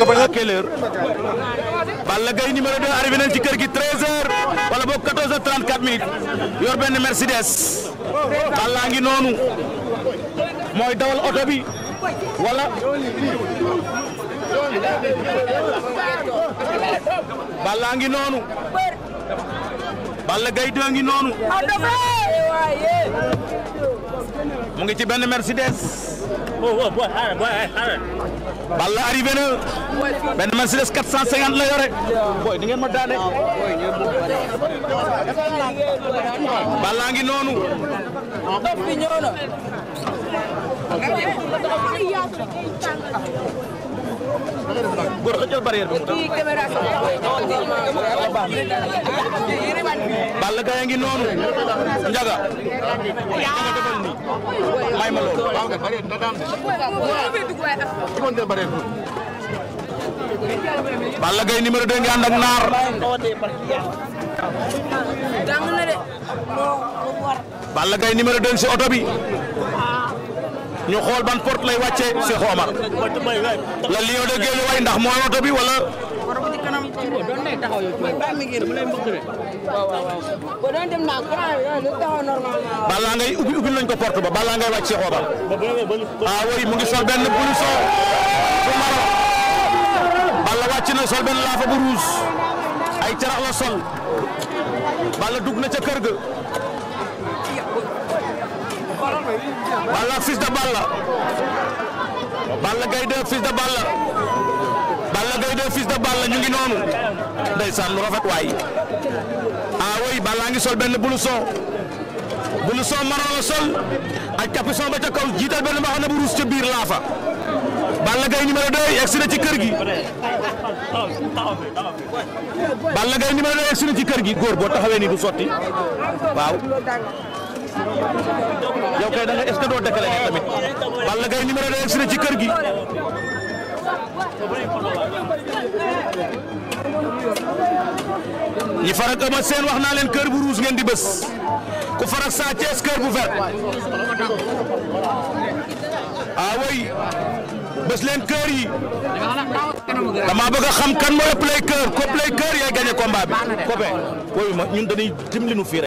à quelle heure Balla Gaye numéro 2 arrivé nañ ci kër gi 13h wala boog 14h34 minutes yor benn Mercedes Balla ngi noonu mooy dawal oto bi wala Balla ngi noonu Balla Gaye doo ngi nonu, mu ngi ci Mercedes oh, oh, Balla arrivé na benn Mercedes 450 la yore boy di ngeen ma daane Balla ngi noonu dof bi ñëw na góor Balla Gaye a ngi noonu. Njaga. Balla Gaye numéro 2 ngi naar. ñu xool ban porte lay wàccee a Omar la lion de Guédiawaye ndax mooy oto bi wala. balaa ngay ubbi ubbi nañ ko porte ba balaa ngay wàcc Cheikh a ah oui mu ngi sol benn blouson bu marron bala wàcc na sol benn laafa bu ay carax la sol bala dugg na ca kër ga. Balla ak de Balla Balla Gaye 2 Fils de Balla Balla Gaye 2 Fils de Balla ñu ngi noonu ndeysaan lu rafet waay ah oui ngi sol benn blouson blouson marron la sol ak capuchon ba ca kaw jiital benn mbaxana bu ruus ca biir laafa Balla Gaye numéro 2 egsi ci kër gi Balla Gaye numéro 2 egsi na ci kër gi góor boo taxawee ni du sotti waaw yow kay da nga est-ce que doo décalé tamit. Balla Gaye numéro deux egsi na ci kër gi. ñi farak Eumeu Sène wax naa leen kër bu ruus ngeen di bës ku farak Sa Thiès kër bu vert ah way bës leen kër yi dama bëgg a xam kan mooy play kër ko play kër yaay gagné combat bi. copain woyu ma ñun dañuy dimbali nu fii rek